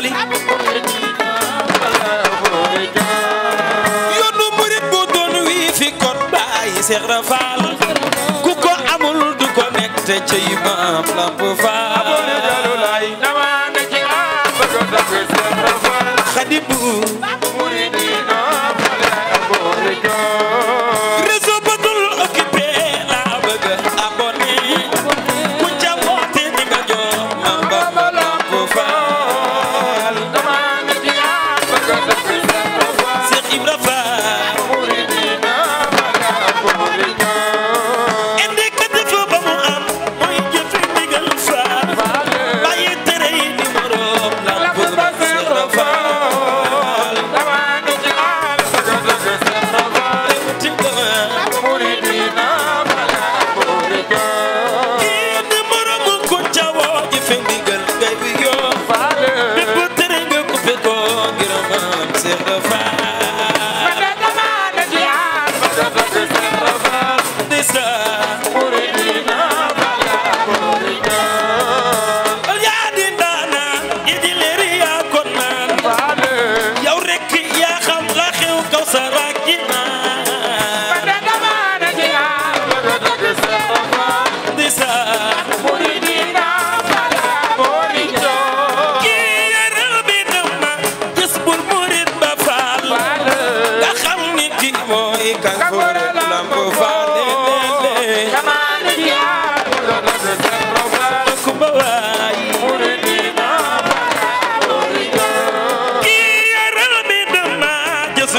bali yoonu murit bu doon wii fi kon bàyyi Seex ku ko amul du ko nekk te ci maam Lamp Faal xadimu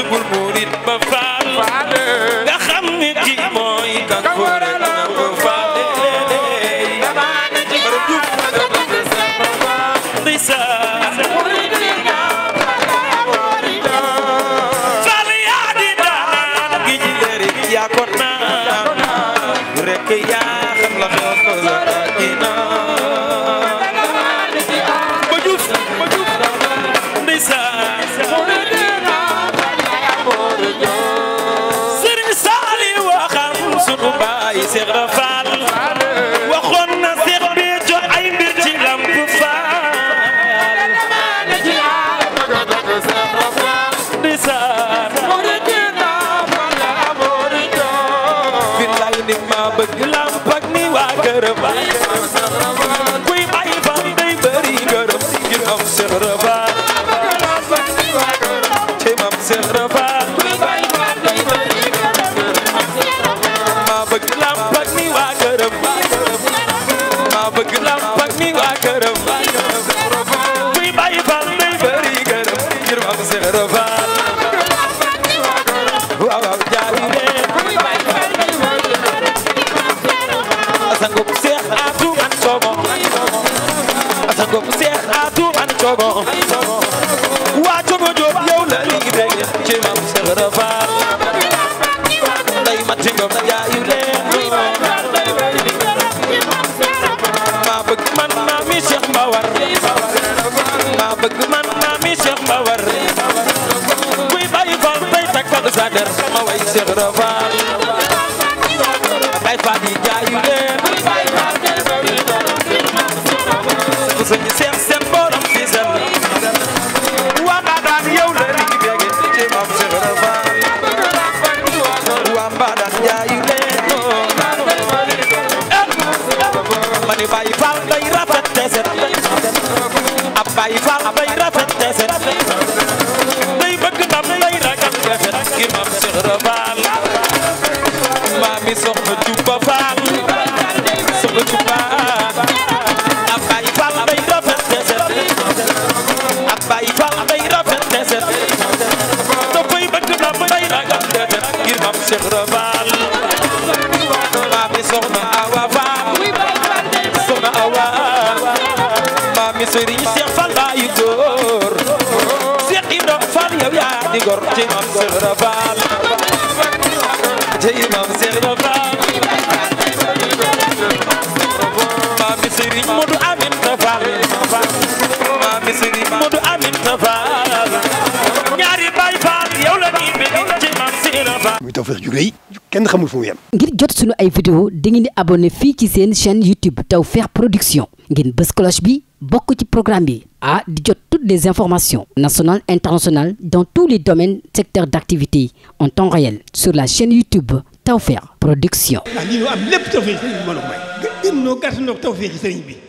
bul murit ba faal nga xam ni ki mooy kan ko faal leen leen bu baay Seex Faal waxoon na Seex bi jo ay mbir ci Lamp Faal ani cogo waa cogo Jóob yow la ñuy bég ci mam Seex Rafal day ma ci ngom na jaayu leen maa bëgg man maa mi Seex Mbawar maa bëgg man maa mi Seex Mbawar kuy bàyyi Faal tey takk sa der ma way Seex Rafal bay Faal yi jaayu te set ab bëgg ndam day ragal te set ngir maam Cheikh Ibra Fall maami soxna Juba Fall soxna Juba ab Baay Faal day rafet te set ab Baay Faal day rafet te set bàyyi góor Seex Ibra Faal yow yaa di góor ci maam Seex Ibra Faal ci maam Seex Ibra Faal maam Sëriñ Modu Aminta Faal maam Sëriñ Modu Aminta Faal ñaari Baay Faal yow la ñuy bëgg ci maam Seex Ibra Faal muy Tawfekh ju rëy kenn xamul fu mu yem ngir jot sunu ay vidéo dangeen di abonné fii ci seen chaîne YouTube Tawfekh Production ngeen bës cloche bi bokk ci programme bi ah di jot toutes les informations nationales internationales dans tous les domaines secteurs d'activité en temps réel sur la chaîne YouTube Tawfekh Production. ah lii am lépp tawfeex sëriñ bi mën a may. gën noo